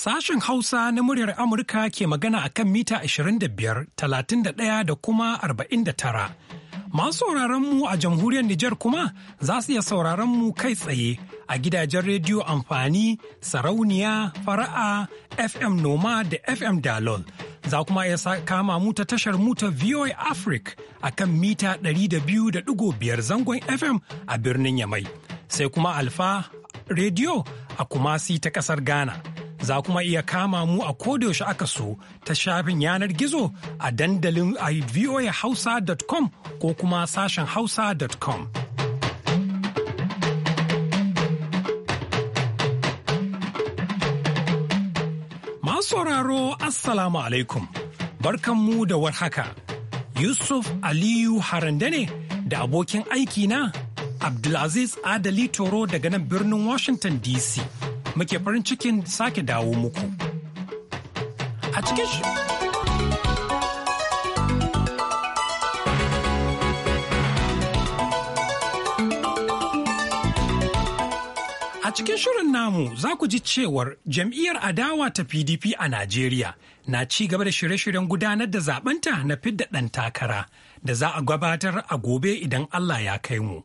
Sashen Hausa na muryar Amurka ke magana a kan mita 25, 31 da kuma 49. Masu mu a jamhuriyar Nijar kuma za su iya sauraron mu kai tsaye a gidajen rediyo amfani, sarauniya, fara'a, FM Noma da FM Dalol. Za kuma iya kama mu ta tashar muta ta VOA Africa a kan mita 200.5 zangon FM a birnin Yamai. Sai kuma Alfa Radio a Kumasi ta ƙasar Ghana. Za kuma iya kama mu a kodayaushe aka so ta shafin yanar gizo a dandalin ivoyahausa.com ko kuma sashen hausa.com. Masu sauraro Assalamu alaikum, mu da warhaka. Yusuf Aliyu Harande ne da abokin aikina Abdulaziz Adali Toro daga nan birnin Washington DC. muke farin cikin sake dawo muku. A cikin A cikin shirin namu za ku ji cewar jam'iyyar adawa ta PDP a Najeriya na ci gaba da shirye-shiryen gudanar da zaɓenta na fidda ɗan takara da za a gabatar a gobe idan Allah ya kai mu.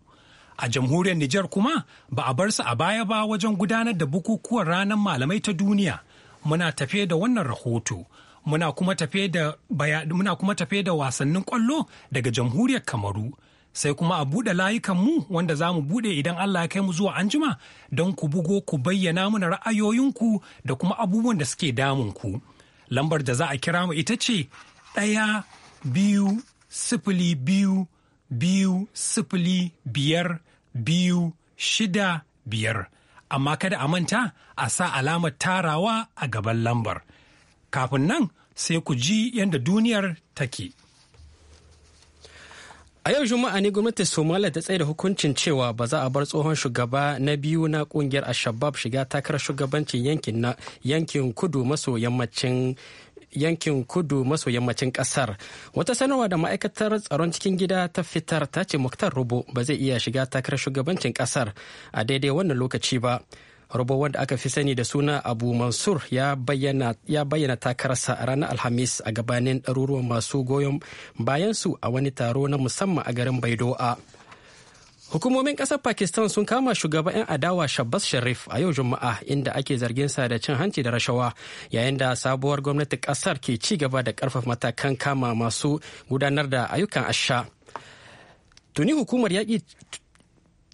A jamhuriyar Nijar kuma ba a bar su a baya ba wajen gudanar da bukukuwan ranar malamai ta duniya. Muna tafe da wannan rahoto. Muna kuma tafe da, wasannin kwallo daga jamhuriyar Kamaru. Sai kuma a buɗe layukanmu wanda za mu buɗe idan Allah ya kai mu zuwa anjima don ku bugo ku bayyana mana ra'ayoyinku da kuma abubuwan da suke damunku. Lambar da za a kira mu ita ce ɗaya biyu sifili biyu biyu sifili biyar biyu shida biyar amma kada a manta a sa alamar tarawa a gaban lambar kafin nan sai ku ji yadda duniyar take. A yau Juma'a ne gwamnatin Somalia ta tsaye da hukuncin cewa ba za a bar tsohon shugaba na biyu na kungiyar Ashabab shiga takarar shugabancin yankin kudu maso yammacin yankin kudu maso yammacin kasar wata sanarwa da ma'aikatar tsaron cikin gida ta fitar ta ce muktar rubo ba zai iya shiga takarar shugabancin kasar a daidai wannan lokaci ba rubo wanda aka fi sani da suna abu mansur ya bayyana takararsa a ranar alhamis a gabanin ɗaruruwan masu goyon bayansu a wani taro na musamman a garin baidoa Hukumomin ƙasar Pakistan sun kama shugaban 'yan adawa Shabbas Sharif a yau Juma'a inda ake zargin sa da cin hanci da rashawa yayin da sabuwar gwamnati ƙasar ke ci gaba da ƙarfafa matakan kama masu gudanar da ayyukan asha. Tuni hukumar yaƙi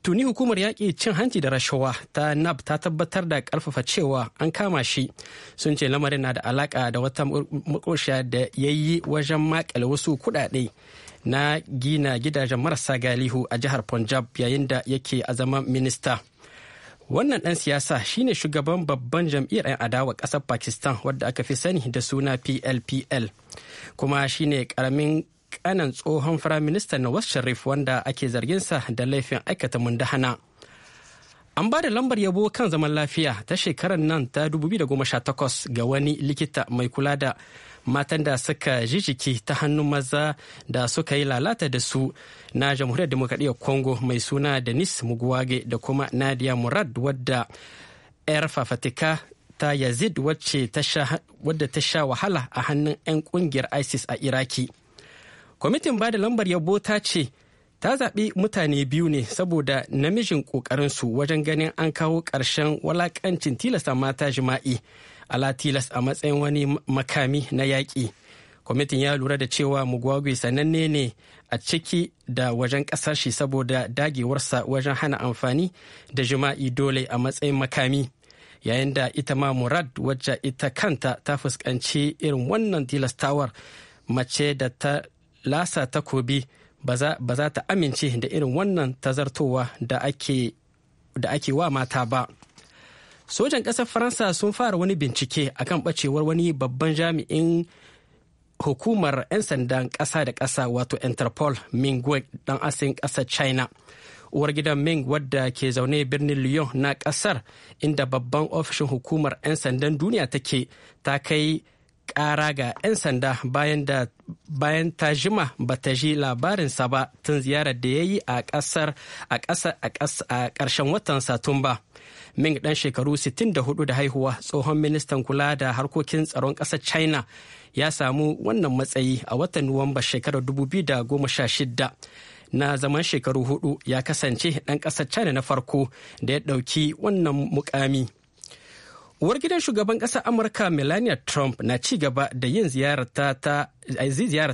tuni hukumar yaƙi cin hanci da rashawa ta nab ta tabbatar da ƙarfafa cewa an kama shi sun ce lamarin na da alaƙa da wata makosha da ya yi wajen makale wasu kuɗaɗe na gina gidajen marasa galihu a jihar punjab yayin da yake a zama minista wannan ɗan siyasa shine shugaban babban jam'iyyar 'yan adawa ƙasar pakistan wadda aka fi sani da suna plpl kuma shine karamin kanan tsohon firaminista nawaz sharif wanda ake zarginsa da laifin aikata mundahana an ba da lambar yabo kan zaman lafiya ta shekarar nan ta 2018 ga wani likita mai kula da matan da suka jijiki ta hannun maza da suka yi lalata da su na jamhuriyar demokradiyyar congo mai suna denis mugwage da kuma nadia murad wadda 'yar fafatika ta yazid wadda ta sha wahala a hannun 'yan kungiyar isis a iraki kwamitin ba da lambar yabo ta ce ta zaɓi mutane biyu ne saboda namijin ƙoƙarinsu wajen ganin an kawo ƙarshen walaƙancin tilasta mata jima'i ala tilas a matsayin wani makami na yaƙi kwamitin ya lura da cewa mugwagwi sananne ne a ciki da wajen ƙasar shi saboda dagewarsa wajen hana amfani da jima'i dole a matsayin makami yayin da ita ma murad wacce ita kanta ta fuskanci irin wannan tilastawar mace da ta lasa takobi ba za ta amince da irin wannan tazartowa da ake wa mata ba. sojan ƙasar faransa sun fara wani bincike a kan ɓacewar wani babban jami'in hukumar 'yan sandan ƙasa da ƙasa wato interpol ming dan asin ƙasar china uwar gidan ming wadda ke zaune birnin lyon na ƙasar inda babban ofishin hukumar 'yan sandan duniya take ta kai ƙara ga 'yan sanda bayan ta jima ba ta ji labarinsa ba tun ziyarar da ya yi a ƙasar a ƙarshen watan satumba ming dan shekaru 64 da haihuwa tsohon ministan kula da harkokin tsaron ƙasar china ya samu wannan matsayi a watan nuwamba shekarar 2016 na zaman shekaru hudu ya kasance ɗan ƙasar china na farko da ya ɗauki wannan mukami. uwar gidan shugaban ƙasar amurka melania trump na ci gaba da yin ziyarata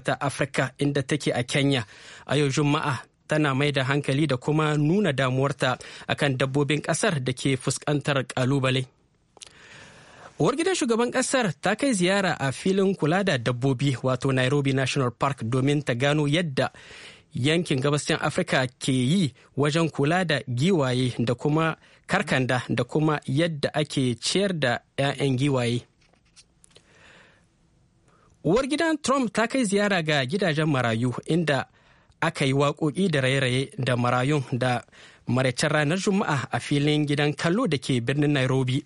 ta afirka inda take a kenya a yau juma'a tana mai da hankali da kuma nuna damuwarta akan dabbobin kasar da ke fuskantar kalubale Uwar gidan shugaban kasar ta kai ziyara a filin kula da dabbobi wato Nairobi National Park domin ta gano yadda yankin gabashin Afirka ke yi wajen kula da giwaye da kuma karkanda da kuma yadda ake ciyar da 'ya'yan giwaye. Uwar gidan Trump ta kai ziyara ga gidajen marayu inda aka yi waƙoƙi da raye-raye da marayun da maraicen ranar juma'a a filin gidan kallo da ke birnin nairobi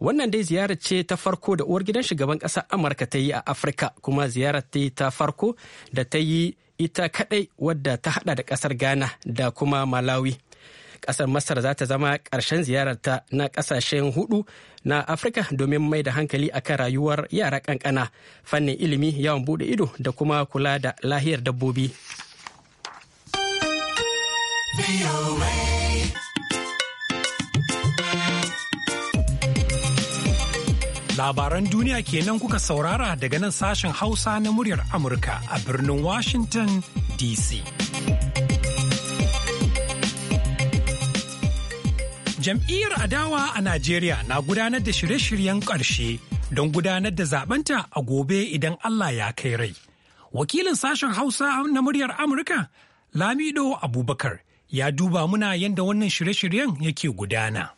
wannan dai ziyarar ce ta farko da uwar gidan shugaban ƙasar amurka ta yi a afirka kuma ziyarar ta ta farko da ta yi ita kaɗai wadda ta haɗa da ƙasar ghana da kuma malawi Ƙasar masar za ta zama ƙarshen ziyararta na ƙasashen hudu na afirka domin mai da hankali a akan rayuwar yara ƙanƙana, fannin ilimi yawon buɗe ido da kuma kula da lahiyar dabbobi Labaran duniya kenan kuka saurara daga nan sashen Hausa na muryar Amurka a birnin Washington DC. Jam'iyyar adawa a Najeriya na gudanar da shirye-shiryen ƙarshe don gudanar da zabanta a gobe idan Allah ya kai rai. Wakilin sashen Hausa na muryar Amurka, Lamido Abubakar, ya duba muna yadda wannan shirye-shiryen yake gudana.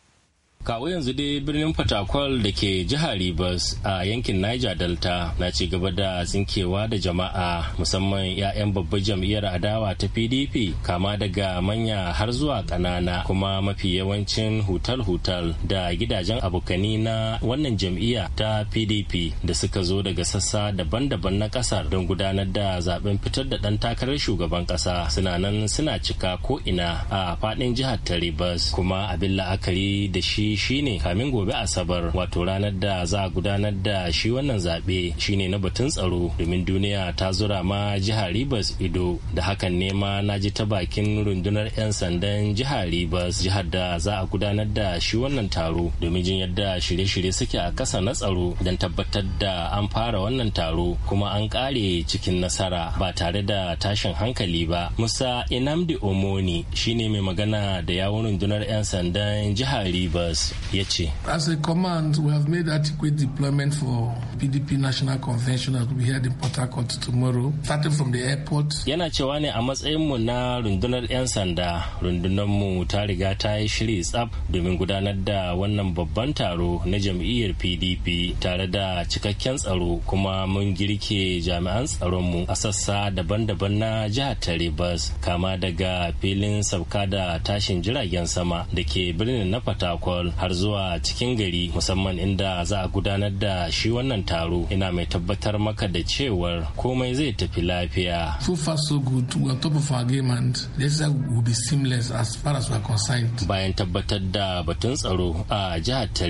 kawo yanzu dai birnin fatakwal da ke jihar Ribas a yankin niger delta na ci gaba da tsinkewa da jama'a musamman 'ya'yan babbar jam'iyyar adawa ta pdp kama daga manya har zuwa kanana, kuma mafi yawancin hutal-hutal da gidajen abokani na wannan jam'iyya ta pdp da suka zo daga sassa daban-daban na ƙasar don gudanar da zaben fitar da ɗan takarar shugaban ƙasa suna nan suna cika ko ina a faɗin jihar ta ribas kuma abin la'akari da shi shine kamin gobe asabar wato ranar da za a gudanar da shi wannan zaɓe shine na batun tsaro domin duniya ta zura ma jihar ribas ido da hakan ne ma na ji ta bakin rundunar 'yan sandan jihar ribas jihar da za a gudanar da shi wannan taro domin jin yadda shirye-shirye suke a kasa na tsaro don tabbatar da an fara wannan taro kuma an ƙare cikin nasara ba tare da tashin hankali ba musa inamdi omoni shine mai magana da yawon rundunar 'yan sandan jihar ribas Abbas ya ce. As a command, we have made adequate deployment for PDP National Convention that we be in Port Harcourt tomorrow, starting from the airport. Yana cewa ne a matsayinmu na rundunar 'yan sanda, rundunarmu ta riga ta yi shiri tsaf domin gudanar da wannan babban taro na jam'iyyar PDP tare da cikakken tsaro kuma mun girke jami'an tsaronmu a sassa daban-daban na jihar Taribas, kama daga filin sabka da tashin jiragen sama da ke birnin na Fatakwal har zuwa cikin gari musamman inda za a gudanar da shi wannan taro ina mai tabbatar maka da cewar komai zai tafi lafiya. So far so good we are top of our game and this will be seamless as far as we are concerned. Bayan tabbatar da batun tsaro a jihar ta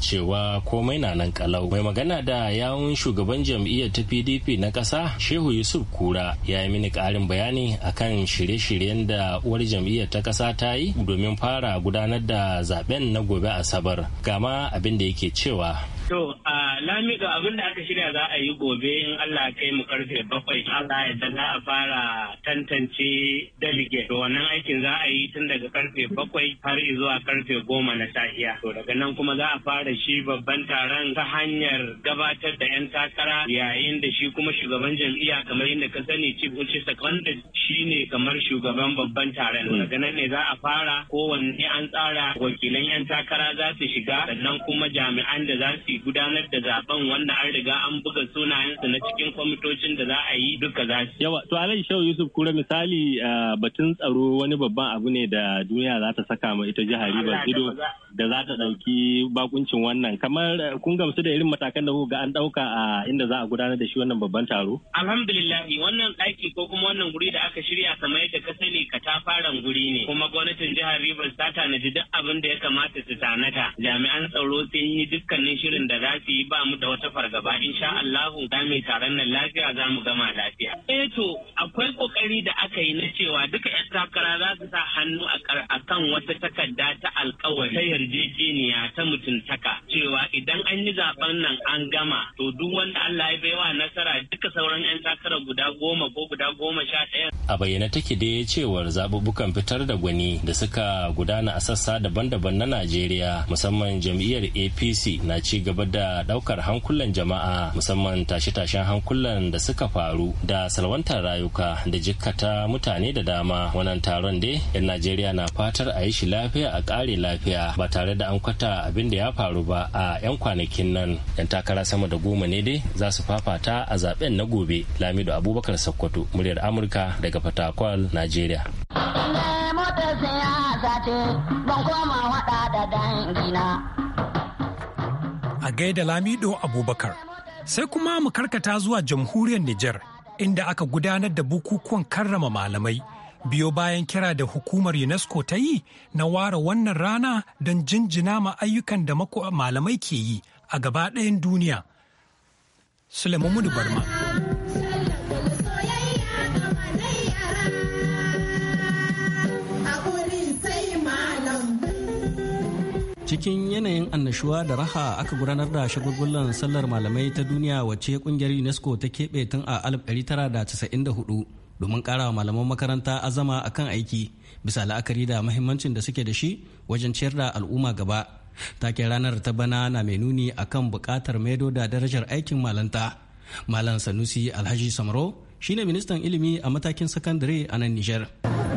cewa komai na nan kalau mai magana da yawun shugaban jam'iyyar ta PDP na kasa, Shehu Yusuf Kura ya yi mini ƙarin bayani akan shirye-shiryen da uwar jam'iyyar ta kasa ta yi domin fara gudanar da zaben na gobe gobe asabar gama abin da yake cewa To, a Lamido abin da aka shirya za a yi gobe in Allah kai mu karfe bakwai Allah da za a fara tantance dalige. To, wannan aikin za a yi tun daga karfe bakwai har zuwa karfe goma na safiya. To, daga nan kuma za a fara shi babban taron ta hanyar gabatar da 'yan takara yayin da shi kuma shugaban jam'iyya kamar yadda ka sani ci Uche Second shi ne kamar shugaban babban taron. Daga nan ne za a fara kowanne an tsara wakilan 'yan takara za su shiga sannan kuma jami'an da za su kwamiti gudanar da zaben wanda an riga an buga sunayensa na cikin kwamitocin da za a yi duka za su. Yawa, to Alhaji Shau Yusuf Kura misali ah, batun tsaro wani babban abu ne da duniya za ta saka ma ita jihar Rivers ido da za ta ɗauki bakuncin wannan kamar eh, kun gamsu da irin matakan da ga an ɗauka a inda za a gudanar da shi wannan babban taro? Alhamdulillah wannan ɗaki ko kuma wannan guri da aka shirya kamar yadda ka sani ka ta katafaren guri ne kuma gwamnatin jihar Rivers ta tanaji duk abin da ya kamata su sanata. jami'an tsaro sun yi dukkanin shirin da za su yi ba mu da wata fargaba insha Allahu za mu taron nan lafiya za mu gama lafiya. Eh to akwai kokari da aka yi na cewa duka 'yan takara za su sa hannu a kan wata takarda ta alkawari yarjejeniya ta mutuntaka cewa idan an yi zaben nan an gama to duk wanda Allah ya baiwa nasara duka sauran 'yan takara guda goma ko guda goma sha ɗaya. A bayyana take ya cewar zaɓuɓɓukan fitar da gwani da suka gudana a sassa daban-daban na Najeriya musamman jam'iyyar APC na ci gaba da ɗaukar hankulan jama'a musamman tashe-tashen hankulan da suka faru da salwantar rayuka da jikkata mutane da dama wannan taron dai 'yan Najeriya na fatar a yi shi lafiya a ƙare lafiya ba tare da an kwata abin da ya faru ba a 'yan kwanakin nan yan takara sama da goma ne dai za su fafata a zaben na gobe lamido abubakar sakkwato muryar amurka daga fatakwal nigeria a gaida lamido abubakar sai kuma mu karkata zuwa jamhuriyar niger inda aka gudanar da bukukuwan karrama malamai biyo bayan kira da hukumar unesco ta yi na ware wannan rana don jinjina ma ayyukan da malamai ke yi a gaba ɗayan duniya sulaiman barma cikin yanayin annashuwa da raha aka gudanar da shagulgulan sallar malamai ta duniya wacce kungiyar unesco ta keɓe tun a 1994 domin karawa malaman makaranta azama akan aiki bisa la'akari da mahimmancin da suke da shi wajen ciyar da al'umma gaba taken ranar ta bana na mai nuni akan bukatar maido da darajar aikin malanta malam sanusi alhaji samro shine ministan ilimi a matakin sakandare a nan Nijar.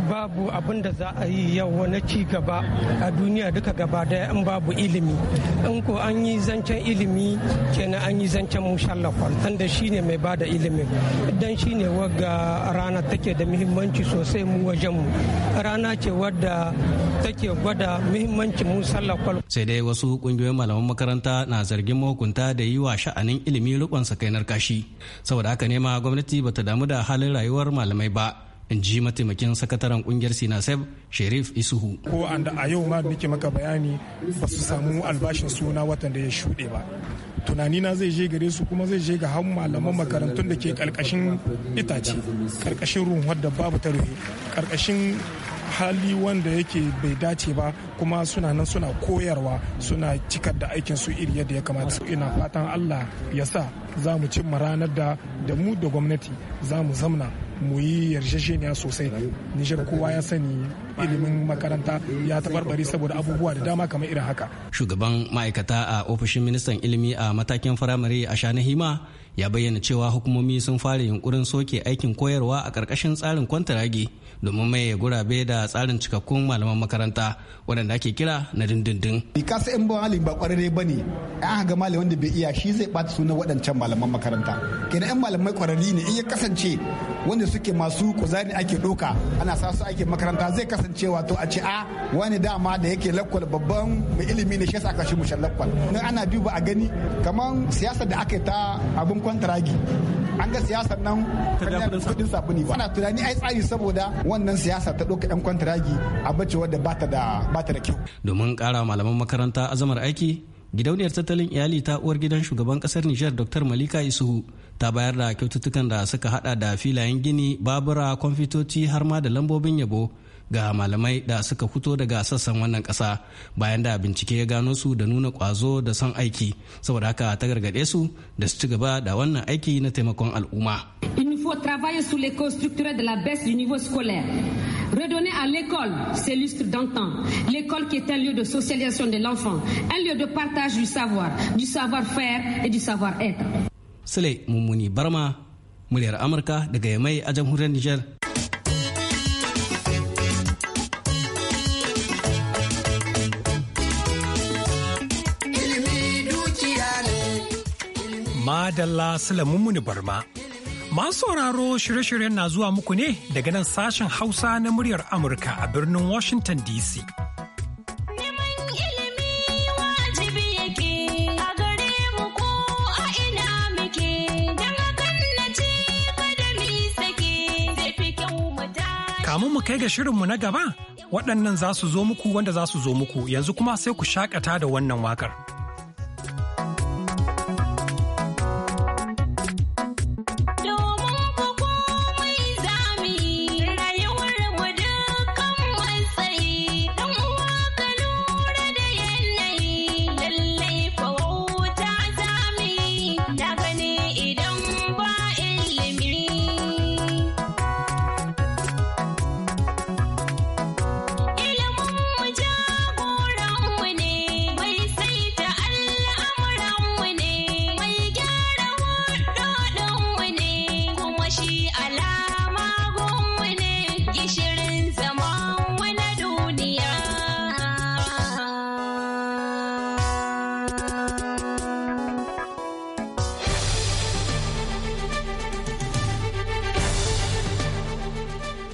babu abin da za a yi yau wani ci gaba a duniya duka gaba daya in babu ilimi in ko an yi zancen ilimi kenan an yi zancen mushallafal tanda shi ne mai bada ilimi idan shi ne wagga rana take da muhimmanci sosai mu wajen mu rana ce wadda take gwada muhimmanci mushallafal sai dai wasu kungiyoyin malaman makaranta na zargin mahukunta da yi wa sha'anin ilimi rukon sakainar kashi saboda haka nema gwamnati bata damu da halin rayuwar malamai ba in ji mataimakin sakataren kungiyar sinasef sherif isuhu ko anda a yau ma nake maka bayani ba su samu albashin suna watan da ya shuɗe ba tunani na zai je gare su kuma zai je ga hannun malaman makarantun da ke karkashin itace karkashin ruhun da babu ta rufe karkashin hali wanda yake bai dace ba kuma suna nan suna koyarwa suna cikar da aikin su iri yadda ya kamata ina fatan allah ya sa za mu cimma ranar da da mu da gwamnati za mu zamna mu yi yarjejeniya sosai nijar kowa ya sani ilimin makaranta ya tabarbari saboda abubuwa da dama kamar irin haka shugaban ma'aikata a ofishin ministan ilimi a matakin firamare a shanahima ya bayyana cewa hukumomi sun fara yunkurin soke aikin koyarwa a ƙarƙashin tsarin kwantaragi domin maye gurabe da tsarin cikakkun malaman makaranta da ake kira na dindindin. bi ka san in ba malami ba kwararre bane an ga malami wanda bai iya shi zai bata sunan waɗancan malaman makaranta. Kenan yan malamai kwararri ne in ya kasance wanda suke masu kuzari ake doka. ana sa su ake makaranta zai kasance wato a ce a wani dama da yake lakwal babban mai ilimi ne shi aka shi lakwal. Nan ana biyu ba a gani kamar siyasa da aka ta abin kwantaragi an ga siyasar nan kudin sabuni ba. Ana tunani ai tsari saboda wannan siyasa ta ɗauka 'yan kwantaragi a bacewa da bata da da kyau domin kara malaman makaranta azamar aiki gidauniyar tattalin iyali ta uwar gidan shugaban kasar nijar dr malika isuhu ta bayar da kyaututtukan da suka hada da filayen gini babura kwamfutoci har ma da lambobin yabo ga malamai da suka fito daga sassan wannan kasa bayan da bincike ya gano su da nuna kwazo da son aiki saboda haka ta gargade su da su ci gaba da wannan aiki na taimakon al'umma il nous faut travailler sur les de la baisse du niveau scolaire Redonner à l'école ses lustres d'antan. L'école qui est un lieu de socialisation de l'enfant, un lieu de partage du savoir, du savoir-faire et du savoir-être. Sule Moumouni Barma, Moulière Amarka, de Yamai a jamhuriyar Madalla Moumouni Barma. Masu sauraro shirye-shiryen na zuwa muku ne daga nan sashen Hausa na muryar Amurka a birnin Washington DC. Kamun mu kai ga shirinmu na gaba, waɗannan za su zo muku wanda za su zo muku yanzu kuma sai ku shakata da wannan wakar.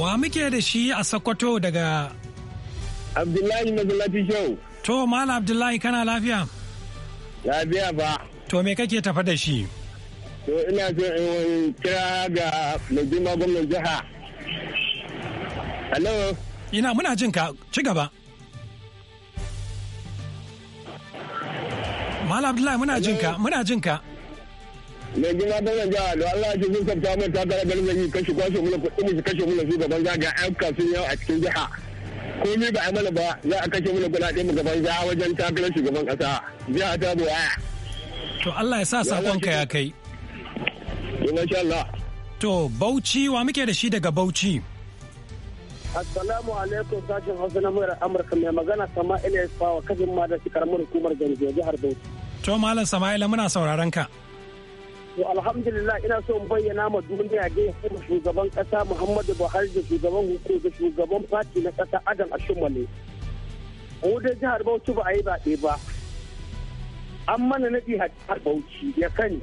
Wa muke da shi a Sokoto daga? Abdullahi Magalati Show. To, Mala Abdullahi kana lafiya? Lafiya ba. To, me kake tafa da shi? To, ina so in kira ga mai girma gwamnan jiha. Hello? Ina muna jin ka ci gaba. Mala Abdullahi muna jin ka, muna jin ka. mai gina da zan ja da Allah shi sun sabta mai ta tare garin yi kashi kwashe mula kuɗi mu kashe mula su gaban zaga ayyukan kasuwan yau a cikin jiha ni ba a mana ba za a kashe mula kuɗaɗe mu gaban za wajen takarar shugaban ƙasa jiha ta buwaya. to Allah ya sa sakonka ya kai. Masha Allah. To Bauchi wa muke da shi daga Bauchi. Assalamu alaikum sashen Hausa na murar Amurka mai magana sama Sama'ila ya fawa kajin ma da shi karamar hukumar Ganjo jihar Bauchi. To Malam Sama'ila muna sauraron ka. To alhamdulillah ina so in bayyana ma duniya dai shugaban kasa Muhammadu Buhari da shugaban hukumar da shugaban fati na kasa Adam Ashimale. Ko dai jihar Bauchi ba a yi baɗe ba. An mana naɗi jihar Bauchi ya kani.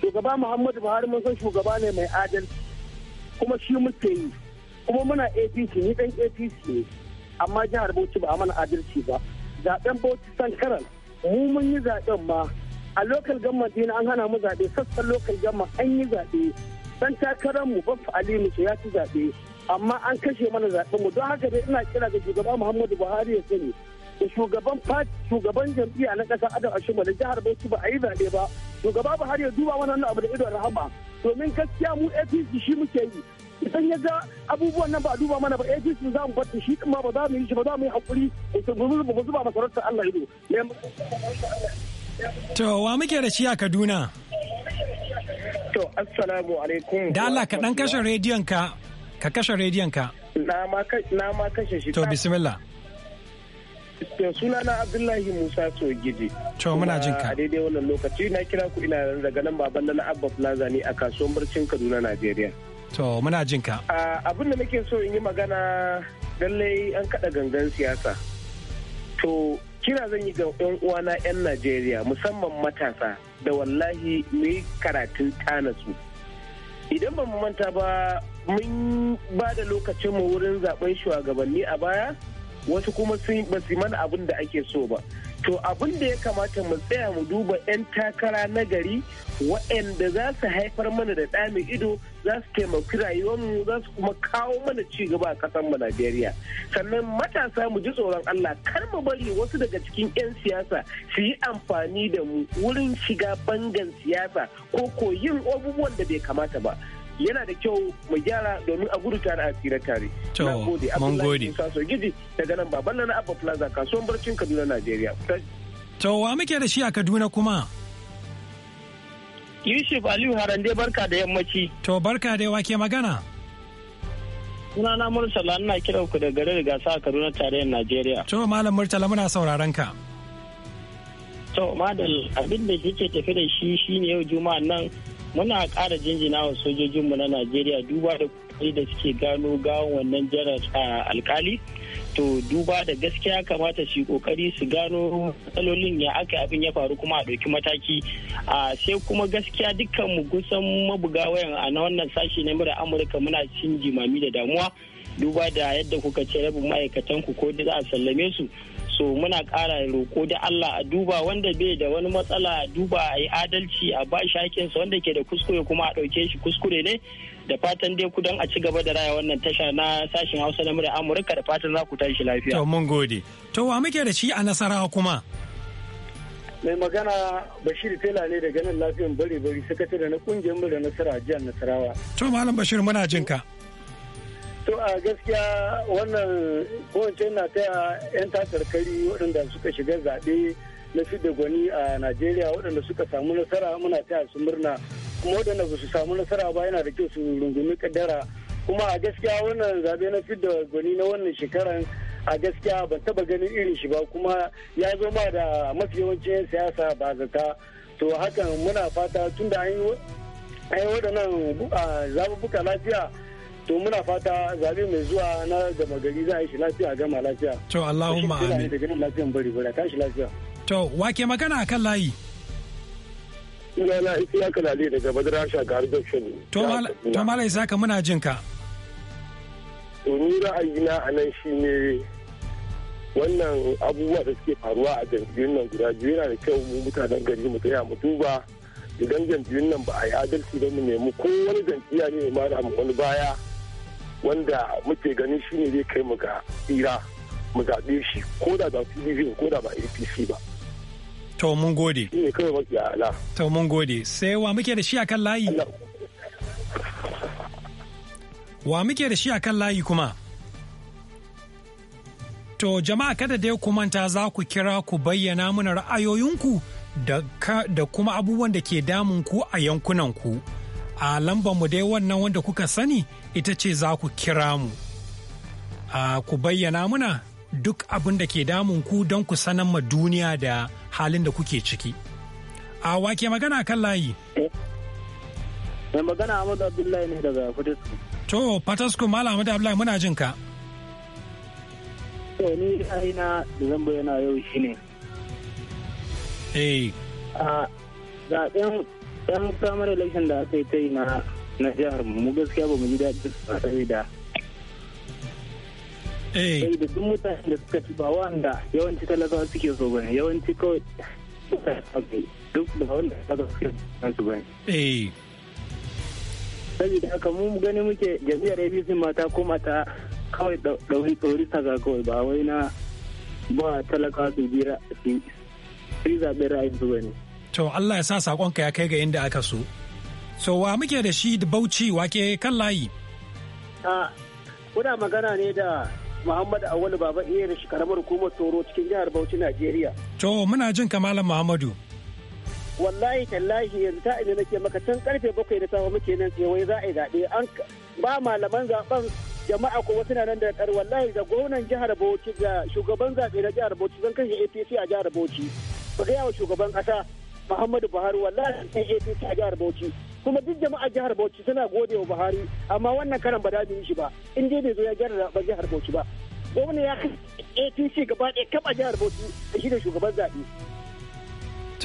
Shugaba Muhammadu Buhari mun san shugaba ne mai adalci kuma shi muke yi kuma muna APC ni dan APC ne amma jihar Bauchi ba a mana adalci ba. Zaben Bauchi Sankaran mu mun yi zaben ma a lokal gamma dina an hana mu zaɓe sassan lokal gamma an yi zaɓe dan takarar mu bafa alimu ya ci zaɓe amma an kashe mana zaɓen mu don haka dai ina kira ga shugaba muhammadu buhari ya sani da shugaban shugaban jam'iyya na ƙasa adam ashima da jihar bauchi ba a yi zaɓe ba shugaba buhari ya duba wannan abu da idon rahama domin gaskiya mu apc shi muke yi idan ya ga abubuwan nan ba a duba mana ba apc za mu bar shi ma ba za mu yi shi ba za mu yi hakuri ba mu zuba masarautar allah ido To, wa muke da shi a Kaduna? To, assalamu alaikum. Da ka ɗan kashe rediyon ka, ka kashe rediyon ka. Na ma kashe shi. To, bismillah. To, suna na Abdullahi Musa Sogiji. To, muna jin ka. A daidai wannan lokaci na kira ku ina nan daga nan baban na Abba Plaza ne a kasuwar Barcin Kaduna, Najeriya. To, muna jin ka. Abin da nake so in yi magana lallai an kaɗa gangan siyasa. To, kira zan yi ga 'yan uwana 'yan najeriya musamman matasa da wallahi mu yi karatun tanasu idan ba mu manta ba mun ba da lokacinmu wurin zaben shugabanni a baya wasu kuma sun basu mana abin da ake so ba to abin da ya kamata mu tsaya mu duba 'yan takara na gari waɗanda za su haifar mana da ɗami ido za su taimaki rayuwarmu za su kuma kawo mana ci gaba a ƙasar mu Najeriya sannan matasa mu ji tsoron Allah kar mu bari wasu daga cikin 'yan siyasa su yi amfani da mu wurin shiga bangan siyasa ko ko yin abubuwan da bai kamata ba yana da kyau mu gyara domin a gudu tare a tsira tare. To, mun gode. gidi daga nan baban na Abba Plaza kasuwan barcin Kaduna Najeriya. To, wa muke da shi a Kaduna kuma? Yusuf Aliyu Harande barka da yammaci. To, barka da wake magana. Sunana Murtala ina kira ku da garin gasa a Kaduna tarayyar Najeriya. To, Malam Murtala muna sauraron ka. To, Madal abin da yake tafi da shi ne yau Juma'a nan muna kara jinjina wa sojojinmu na najeriya duba da kuɗi da suke gano gawon wannan jarar alkali to duba da gaskiya kamata su kokari su gano matsalolin ya aka abin ya faru kuma a ɗauki mataki a sai kuma gaskiya dukkan mu kusan mabuga wayan a na wannan sashi na mura amurka muna cin jimami da damuwa duba da yadda kuka ce rabin ma'aikatan ku ko da za a sallame su so muna ƙara roƙo da Allah a duba wanda bai da wani matsala a duba a yi adalci a ba shi hakinsa wanda ke da kuskure kuma a ɗauke shi kuskure ne da fatan dai ku don a ci gaba da raya wannan tasha na sashen hausa na murya amurka da fatan za ku tashi lafiya. to mun gode to wa muke da shi a nasarawa kuma. mai magana bashir tela ne daga nan lafiyan bare bari sakatare na kungiyar murya nasara jihar nasarawa. to malam bashir muna jinka. ka. to a gaskiya wannan kowace na taya 'yan takarkari waɗanda suka shiga zaɓe na fidda gwani a najeriya waɗanda suka samu nasara muna taya su murna kuma waɗanda ba su samu nasara ba yana da kyau su rungumi kaddara kuma a gaskiya wannan zaɓe na fidda gwani na wannan shekaran a gaskiya ban taba ganin irin shi ba kuma ya zo ma da mafi yawancin siyasa ba zata to hakan muna fata tunda an yi waɗannan zaɓuɓɓuka lafiya to muna fata zabe mai zuwa na gama gari za a yi shi lafiya gama lafiya to allahumma amin da ganin lafiyan bari bari shi lafiya to wake magana akan layi sunana isi ya lale daga madara shakar dokshin to mala isa ka muna jin ka ni ra'ayina a nan shi ne wannan abubuwa da suke faruwa a jam'iyyun nan guda biyu yana da kyau mu mutanen gari mu tsaya mu duba idan jam'iyyun nan ba a yi adalci ba mu nemi ko wani jam'iyya ne ma mu wani baya wanda muke ganin shi ne zai kai mu ga tsira mu zaɓe shi ko da ba pdp ko da ba apc ba to mun gode shi ne mafi ala to mun gode sai wa muke da shi akan layi wa muke da shi kan layi kuma To jama'a kada dai ku manta za ku kira ku bayyana mana ra'ayoyinku da kuma abubuwan da ke damun ku a yankunanku. a lambar mu dai wannan wanda kuka sani ita ce za ku kira mu a ku bayyana muna duk abin da ke damun ku don ku sanar ma duniya da halin da kuke ciki a wake magana kan layi mai magana Ahmadu Abdullahi ne daga Fatasku to Fatasku Malam Ahmadu Abdullahi muna jin ka to ni ra'ayina da zan bayyana yau ne. eh a zaben yan samar election da aka yi ta yi na jihar mu gaskiya ba mu ji daɗi sai da duk mutane da suka ci ba wanda yawanci talakawa suke so bane yawanci kawai duk da wanda talakawa suke so bane eh. saboda haka mu gani muke jami'ar abc mata kuma ta kawai ɗauri ɗauri saka kawai ba wai na ba talakawa su bira su zaɓi su bane To Allah ya sa saƙonka ya kai ga inda aka so. So wa muke da shi da Bauchi wake kan layi? A kuna magana ne da Muhammad Awal Baba iya da shi karamar hukumar Toro cikin jihar Bauchi Najeriya. To muna jin kamalan Muhammadu. Wallahi tallahi yanzu ta ina nake maka tun karfe bakwai da safe muke nan sai wai za a yi zaɓe an ba malaman zaɓen jama'a ko wasu nan da ƙar wallahi da gwamnan jihar Bauchi da shugaban zaɓe na jihar Bauchi zan kashe APC a jihar Bauchi. Ba ga yawa shugaban ƙasa Muhammadu Buhari wallahi sai APC a jihar Bauchi kuma duk jama'a jihar Bauchi suna gode wa Buhari amma wannan karan ba da shi ba in dai bai zo ya gyara ba jihar Bauchi ba gwamnati ya kai ATC gaba ɗaya kaba jihar Bauchi da shi da shugaban zaɓe.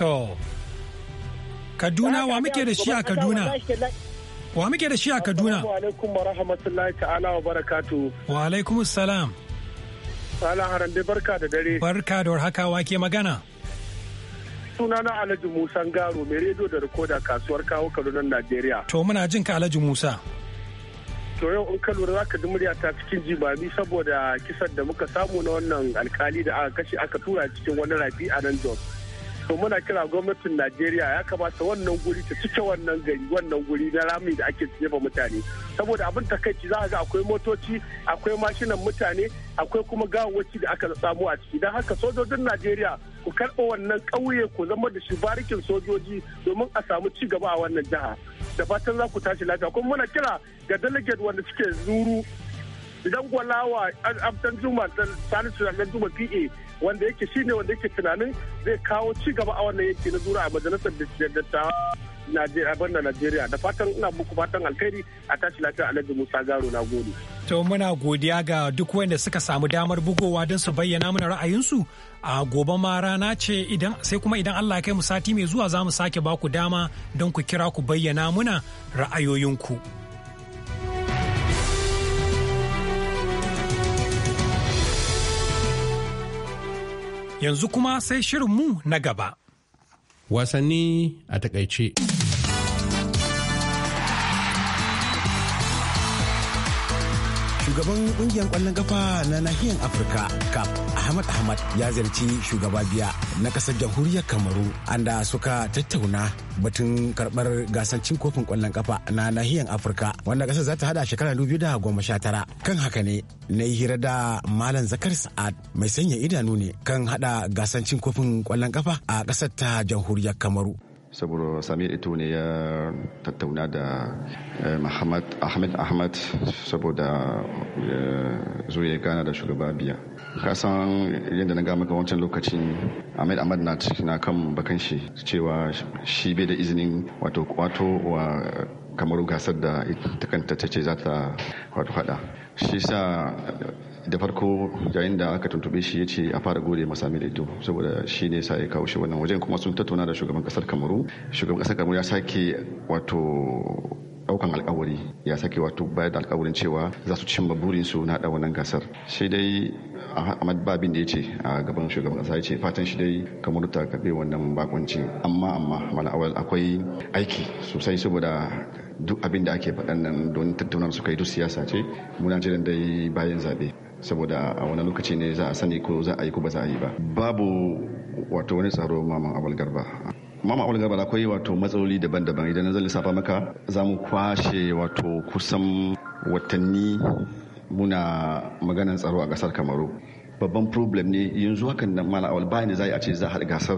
To Kaduna wa muke da shi a Kaduna? Wa muke da shi a Kaduna? Wa alaikum wa rahmatullahi ta'ala wa barakatu. Wa alaikum salam. Salam harambe barka da dare. Barka da warhaka wa ke magana. suna na Alhaji Musa Garo mai rediyo da rikoda kasuwar kawo Kaduna Najeriya. To muna jin ka Alhaji Musa. To yau in ka lura zaka ji murya ta cikin jibami saboda kisan da muka samu na wannan alkali da aka kashe aka tura cikin wani rafi a nan Jos. to muna kira gwamnatin najeriya ya kamata wannan guri ta cike wannan gari wannan guri na rami da ake jefa mutane saboda abin takaici za a ga akwai motoci akwai mashinan mutane akwai kuma gawawaci da aka samu a ciki don haka sojojin najeriya ku karɓa wannan ƙauye ku zama da shi barikin sojoji domin a samu ci gaba a wannan jiha da fatan za ku tashi lafiya kuma muna kira ga delegate wanda suke zuru idan gwalawa abdan juma salisu abdan juma pa wanda yake shine wanda yake tunanin zai kawo ci gaba a wannan yanki na zura a majalisar dattawa Najeriya Najeriya da fatan ina muku fatan alkhairi a tashi lafiya Alhaji Musa Garo na gobe. To muna godiya ga duk wanda suka samu damar bugowa don su bayyana mana ra'ayinsu a gobe ma rana ce idan sai kuma idan Allah ya kai mu sati mai zuwa zamu mu sake baku dama don ku kira ku bayyana muna ra'ayoyinku. Yanzu kuma sai shirinmu na gaba. Wasanni a takaice. shugaban kungiyar kwallon kafa na nahiyar afirka cap ahmad ahmad ya ziyarci shugaba biya na kasar jamhuriyar kamaru anda suka tattauna batun karbar cin kofin kwallon kafa na nahiyar afirka wanda kasar za ta hada shekara tara kan haka ne na yi hira da malam zakar sa'ad mai sanya idanu ne kan hada cin kofin kwallon kafa a kasar ta jamhuriyar kamaru saboda sami ito ne ya tattauna da eh, ahmed ahmed saboda eh, zo ya gana da shugaba biya kasan yadda na gama wancan lokacin ahmed ahmed na kan bakan shi cewa shi bai da izinin wato kwato wa kamaru gasar da ta kanta ta ce za ta wato hada shi sa da farko yayin da aka tuntube shi ya ce a fara gode masa Melito saboda shi ne sa ya kawo shi wannan wajen kuma sun tattauna da shugaban kasar Kamaru shugaban kasar Kamaru ya sake wato daukan alkawari ya sake wato bayar da alkawarin cewa za su cimma burin su na wannan gasar shi dai ahmad babin da ya ce a gaban shugaban kasa ya ce fatan shi dai kamar ta kabe wannan bakunci amma amma malawal akwai aiki sosai saboda duk abin da ake faɗan nan don tattaunar su kai duk siyasa ce muna jiran dai bayan zaɓe saboda a wani lokaci ne za a sani ko za a yi ko ba za a yi ba babu wato wani tsaro maman abul garba mama abul garba akwai wato matsaloli daban-daban idan zan lissafa maka za mu kwashe wato kusan watanni muna maganan tsaro a kasar kamaru babban problem ne yanzu hakan nan mala awal bayan da za a ce za a haɗa gasar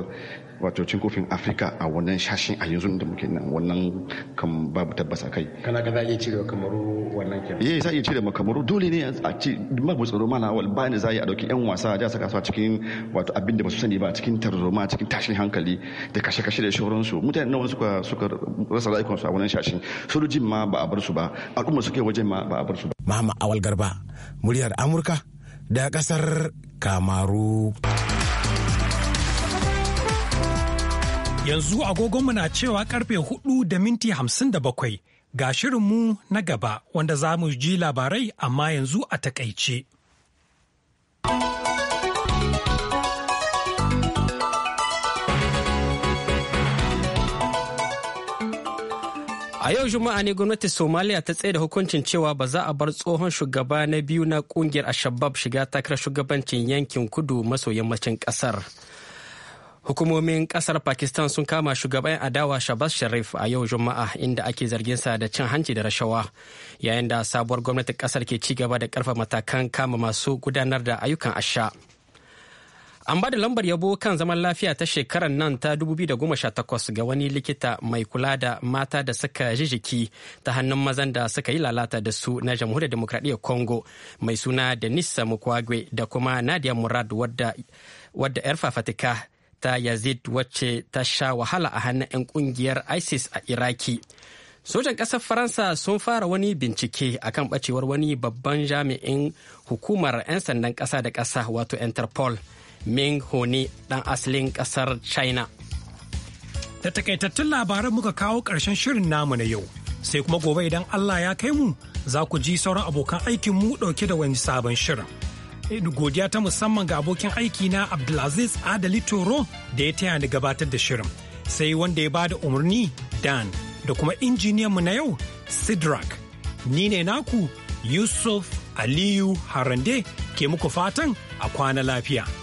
wato cin kofin afirka a wannan shashin a yanzu da muke nan wannan kan babu tabbas a kai kana ga zai ci da kamaru wannan kenan eh za a iya cire kamaru dole ne a ce babu tsoro mala awal bayan da za a dauki yan wasa da saka su a cikin wato abin da ba su sani ba cikin tarzoma cikin tashin hankali da kashe-kashe da su mutane nawa suka suka rasa su a wannan shashin sojojin ma ba a bar su ba al'umma suke wajen ma ba a bar su ba mama awal garba muryar amurka da kasar kamaru yanzu agogonmu na cewa karfe hudu da minti hamsin da bakwai ga shirinmu na gaba wanda za mu ji labarai amma yanzu a takaice. A yau Juma'a ne gwamnatin Somaliya ta tsaye da hukuncin cewa ba za a bar tsohon shugaba na biyu na kungiyar Ashabab shiga takarar shugabancin yankin kudu maso yammacin kasar. Hukumomin kasar Pakistan sun kama shugaban adawa shabas Sharif a yau Juma'a inda ake zargin sa da cin hanci da rashawa yayin da sabuwar gwamnatin kasar ke ci gaba da karfa matakan kama masu gudanar da ayyukan asha. An ba da lambar yabo kan zaman lafiya ta shekarar nan ta 2018 ga wani likita mai kula da mata da suka jijiki ta hannun mazan da suka yi lalata da su na jamhuriyar demokradiyyar Congo mai suna Denisa Mukwagwe da kuma Nadia Murad wadda, 'yar fafatika ta Yazid wacce ta sha wahala a hannun 'yan kungiyar ISIS a Iraki. sojan ƙasar faransa sun fara wani bincike akan ɓacewar wani babban jami'in hukumar 'yan sandan ƙasa da ƙasa wato interpol Ming Honi ɗan asalin ƙasar China. Da takaitattun labaran muka kawo ƙarshen shirin namu na yau, sai kuma gobe idan Allah ya kai mu za ku ji sauran abokan aikin mu ɗauke da wani sabon shirin. Eh, godiya ta musamman ga abokin aiki na Abdulaziz Adali Toro da ya taya ni gabatar da shirin. Sai wanda ya bada umarni Dan da kuma injiniyan mu na yau Sidrak. Ni ne naku Yusuf Aliyu Harande ke muku fatan a kwana lafiya.